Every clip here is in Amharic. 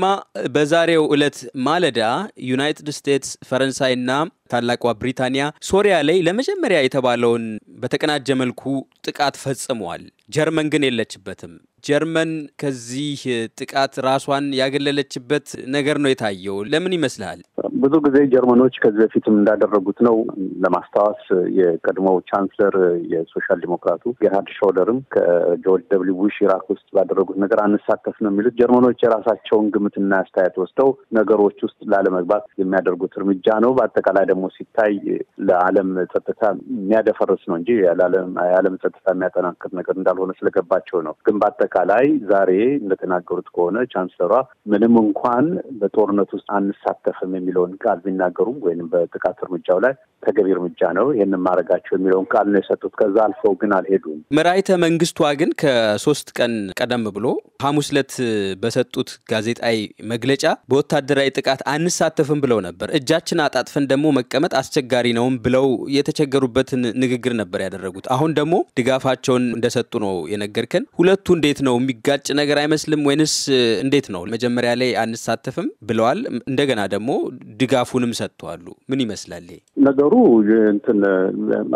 ማ በዛሬው ዕለት ማለዳ ዩናይትድ ስቴትስ ፈረንሳይና ታላቋ ብሪታንያ ሶሪያ ላይ ለመጀመሪያ የተባለውን በተቀናጀ መልኩ ጥቃት ፈጽመዋል። ጀርመን ግን የለችበትም። ጀርመን ከዚህ ጥቃት ራሷን ያገለለችበት ነገር ነው የታየው። ለምን ይመስልሃል? ብዙ ጊዜ ጀርመኖች ከዚህ በፊትም እንዳደረጉት ነው። ለማስታወስ የቀድሞው ቻንስለር የሶሻል ዲሞክራቱ ጌርሃርድ ሾደርም ከጆርጅ ደብሊው ቡሽ ኢራክ ውስጥ ባደረጉት ነገር አንሳተፍ ነው የሚሉት ጀርመኖች የራሳቸውን ግምትና አስተያየት ወስደው ነገሮች ውስጥ ላለመግባት የሚያደርጉት እርምጃ ነው። በአጠቃላይ ደግሞ ደግሞ ሲታይ ለዓለም ጸጥታ የሚያደፈርስ ነው እንጂ የዓለም ጸጥታ የሚያጠናክር ነገር እንዳልሆነ ስለገባቸው ነው። ግን በአጠቃላይ ዛሬ እንደተናገሩት ከሆነ ቻንስለሯ ምንም እንኳን በጦርነት ውስጥ አንሳተፍም የሚለውን ቃል ቢናገሩም ወይም በጥቃት እርምጃው ላይ ተገቢ እርምጃ ነው ይህን ማድረጋቸው የሚለውን ቃል ነው የሰጡት። ከዛ አልፈው ግን አልሄዱም። መራይተ መንግስቷ ግን ከሶስት ቀን ቀደም ብሎ ሐሙስ ዕለት በሰጡት ጋዜጣዊ መግለጫ በወታደራዊ ጥቃት አንሳተፍም ብለው ነበር። እጃችን አጣጥፈን ደግሞ መቀመጥ አስቸጋሪ ነውም ብለው የተቸገሩበትን ንግግር ነበር ያደረጉት። አሁን ደግሞ ድጋፋቸውን እንደሰጡ ነው የነገርከን። ሁለቱ እንዴት ነው የሚጋጭ ነገር አይመስልም ወይንስ እንዴት ነው? መጀመሪያ ላይ አንሳተፍም ብለዋል፣ እንደገና ደግሞ ድጋፉንም ሰጥተዋሉ። ምን ይመስላል? ነገሩ እንትን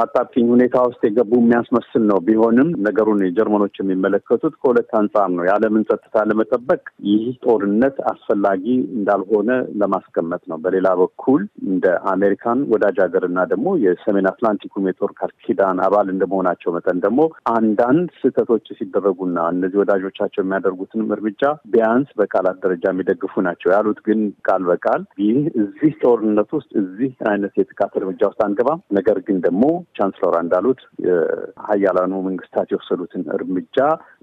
አጣብቂኝ ሁኔታ ውስጥ የገቡ የሚያስመስል ነው። ቢሆንም ነገሩን የጀርመኖች የሚመለከቱት ከሁለት አንጻር ነው። የዓለምን ጸጥታ ለመጠበቅ ይህ ጦርነት አስፈላጊ እንዳልሆነ ለማስቀመጥ ነው። በሌላ በኩል እንደ አሜሪካን ወዳጅ ሀገርና ደግሞ የሰሜን አትላንቲኩም የጦር ቃል ኪዳን አባል እንደመሆናቸው መጠን ደግሞ አንዳንድ ስህተቶች ሲደረጉና እነዚህ ወዳጆቻቸው የሚያደርጉትንም እርምጃ ቢያንስ በቃላት ደረጃ የሚደግፉ ናቸው ያሉት ግን ቃል በቃል ይህ እዚህ ጦርነት ውስጥ እዚህ አይነት የጥቃት እርምጃ ውስጥ አንገባም። ነገር ግን ደግሞ ቻንስለሯ እንዳሉት የሀያላኑ መንግስታት የወሰዱትን እርምጃ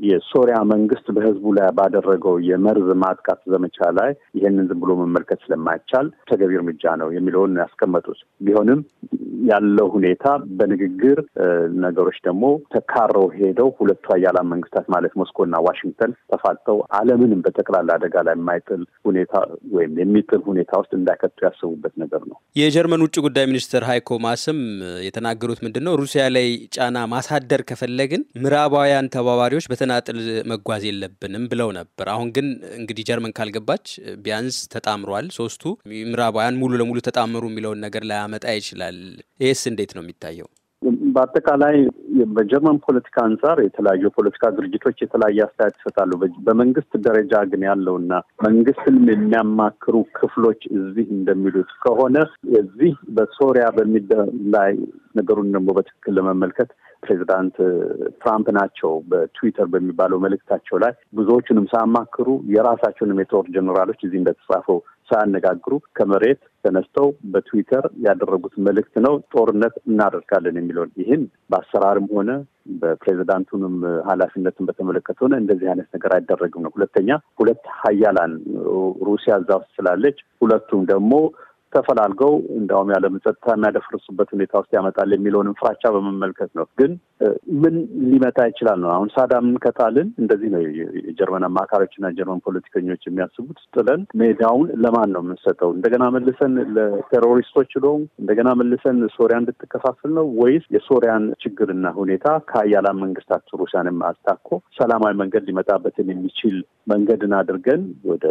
የሶሪያ መንግስት በህዝቡ ላይ ባደረገው የመርዝ ማጥቃት ዘመቻ ላይ ይህንን ዝም ብሎ መመልከት ስለማይቻል ተገቢ እርምጃ ነው የሚለውን ያስቀመጡት ቢሆንም ያለው ሁኔታ በንግግር ነገሮች ደግሞ ተካረው ሄደው ሁለቱ ሀያላን መንግስታት ማለት ሞስኮና ዋሽንግተን ተፋጠው ዓለምንም በጠቅላላ አደጋ ላይ የማይጥል ሁኔታ ወይም የሚጥል ሁኔታ ውስጥ እንዳይከቱ ያሰቡበት ነገር ነው። የጀርመን ውጭ ጉዳይ ሚኒስትር ሃይኮ ማስም የተናገሩት ምንድን ነው? ሩሲያ ላይ ጫና ማሳደር ከፈለግን ምዕራባውያን ተባባሪዎች በተናጥል መጓዝ የለብንም ብለው ነበር። አሁን ግን እንግዲህ ጀርመን ካልገባች ቢያንስ ተጣምሯል። ሶስቱ ምዕራባውያን ሙሉ ለሙሉ ተጣምሩ የሚለውን ነገር ላያመጣ ይችላል። ይህስ እንዴት ነው የሚታየው? በአጠቃላይ በጀርመን ፖለቲካ አንጻር የተለያዩ ፖለቲካ ድርጅቶች የተለያየ አስተያየት ይሰጣሉ። በመንግስት ደረጃ ግን ያለውና መንግስትንም የሚያማክሩ ክፍሎች እዚህ እንደሚሉት ከሆነ እዚህ በሶሪያ በሚደ ላይ ነገሩን ደግሞ በትክክል ለመመልከት ፕሬዚዳንት ትራምፕ ናቸው በትዊተር በሚባለው መልእክታቸው ላይ ብዙዎቹንም ሳያማክሩ የራሳቸውንም የጦር ጀኔራሎች እዚህ እንደተጻፈው ሳያነጋግሩ ከመሬት ተነስተው በትዊተር ያደረጉት መልእክት ነው ጦርነት እናደርጋለን የሚለውን ይህን በአሰራርም ሆነ በፕሬዚዳንቱንም ኃላፊነትን በተመለከተ ሆነ እንደዚህ አይነት ነገር አይደረግም ነው። ሁለተኛ ሁለት ሀያላን ሩሲያ እዛ ውስጥ ስላለች ሁለቱም ደግሞ ተፈላልገው እንዲያውም ያለም ጸጥታ የሚያደፍርሱበት ሁኔታ ውስጥ ያመጣል የሚለውንም ፍራቻ በመመልከት ነው። ግን ምን ሊመጣ ይችላል ነው። አሁን ሳዳምን ከጣልን እንደዚህ ነው የጀርመን እና የጀርመን ፖለቲከኞች የሚያስቡት። ጥለን ሜዳውን ለማን ነው የምንሰጠው? እንደገና መልሰን ለቴሮሪስቶች ነው? እንደገና መልሰን ሶሪያ እንድትከፋፍል ነው ወይስ የሶሪያን ችግርና ሁኔታ ከአያላን መንግስታት ሩሲያንም አስታኮ ሰላማዊ መንገድ ሊመጣበትን የሚችል መንገድን አድርገን ወደ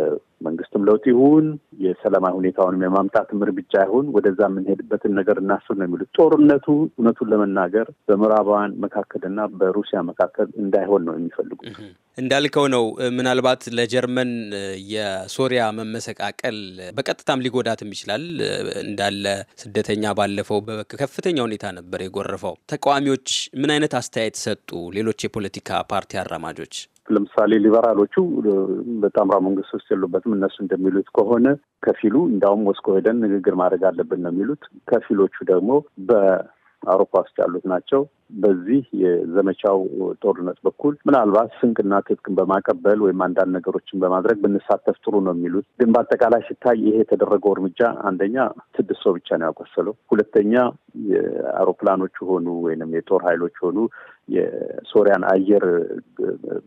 መንግስትም ለውጥ ይሁን የሰላማዊ ሁኔታውንም የማምጣት ማጥፋትም እርምጃ ይሁን ወደዛ የምንሄድበትን ነገር እናስብ ነው የሚሉት። ጦርነቱ እውነቱን ለመናገር በምዕራባውያን መካከልና በሩሲያ መካከል እንዳይሆን ነው የሚፈልጉት። እንዳልከው ነው። ምናልባት ለጀርመን የሶሪያ መመሰቃቀል በቀጥታም ሊጎዳትም ይችላል። እንዳለ ስደተኛ ባለፈው በከፍተኛ ሁኔታ ነበር የጎረፈው። ተቃዋሚዎች ምን አይነት አስተያየት ሰጡ? ሌሎች የፖለቲካ ፓርቲ አራማጆች ለምሳሌ ሊበራሎቹ በጣምራ መንግስት ውስጥ የሉበትም። እነሱ እንደሚሉት ከሆነ ከፊሉ እንዲያውም ሞስኮ ሄደን ንግግር ማድረግ አለብን ነው የሚሉት። ከፊሎቹ ደግሞ በአውሮፓ ውስጥ ያሉት ናቸው። በዚህ የዘመቻው ጦርነት በኩል ምናልባት ስንቅና ትጥቅን በማቀበል ወይም አንዳንድ ነገሮችን በማድረግ ብንሳተፍ ጥሩ ነው የሚሉት። ግን በአጠቃላይ ሲታይ ይሄ የተደረገው እርምጃ አንደኛ ስድስት ሰው ብቻ ነው ያቆሰለው፣ ሁለተኛ የአውሮፕላኖች ሆኑ ወይም የጦር ኃይሎች ሆኑ የሶሪያን አየር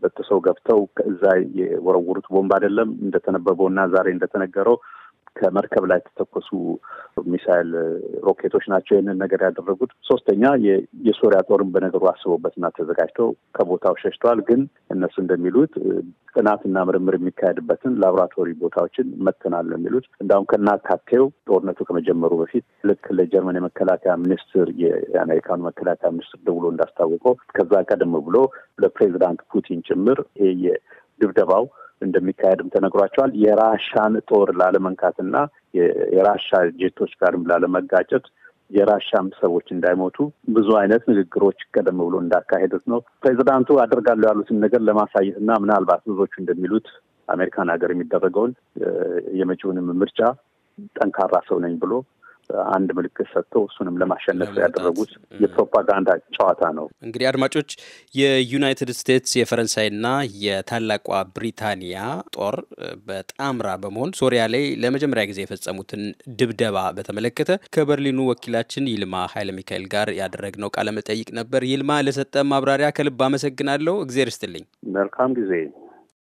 በጥሰው ገብተው ከዛ የወረወሩት ቦምብ አይደለም እንደተነበበው እና ዛሬ እንደተነገረው ከመርከብ ላይ የተተኮሱ ሚሳይል ሮኬቶች ናቸው ይህንን ነገር ያደረጉት። ሶስተኛ የሶሪያ ጦርን በነገሩ አስቦበትና ተዘጋጅተው ከቦታው ሸሽተዋል። ግን እነሱ እንደሚሉት ጥናትና ምርምር የሚካሄድበትን ላቦራቶሪ ቦታዎችን መተናል ነው የሚሉት። እንዳሁም ከናካቴው ጦርነቱ ከመጀመሩ በፊት ልክ ለጀርመን የመከላከያ ሚኒስትር የአሜሪካኑ መከላከያ ሚኒስትር ደውሎ እንዳስታወቀው ከዛ ቀደም ብሎ ለፕሬዚዳንት ፑቲን ጭምር ይሄ የድብደባው እንደሚካሄድም ተነግሯቸዋል። የራሻን ጦር ላለመንካትና የራሻ ጀቶች ጋርም ላለመጋጨት የራሻም ሰዎች እንዳይሞቱ ብዙ አይነት ንግግሮች ቀደም ብሎ እንዳካሄዱት ነው ፕሬዚዳንቱ አደርጋለሁ ያሉትን ነገር ለማሳየት እና ምናልባት ብዙዎቹ እንደሚሉት አሜሪካን ሀገር የሚደረገውን የመጪውንም ምርጫ ጠንካራ ሰው ነኝ ብሎ አንድ ምልክት ሰጥቶ እሱንም ለማሸነፍ ያደረጉት የፕሮፓጋንዳ ጨዋታ ነው። እንግዲህ አድማጮች፣ የዩናይትድ ስቴትስ የፈረንሳይና የታላቋ ብሪታንያ ጦር በጣምራ በመሆን ሶሪያ ላይ ለመጀመሪያ ጊዜ የፈጸሙትን ድብደባ በተመለከተ ከበርሊኑ ወኪላችን ይልማ ኃይለ ሚካኤል ጋር ያደረግነው ቃለመጠይቅ ነበር። ይልማ ለሰጠ ማብራሪያ ከልብ አመሰግናለሁ። እግዜር ይስጥልኝ። መልካም ጊዜ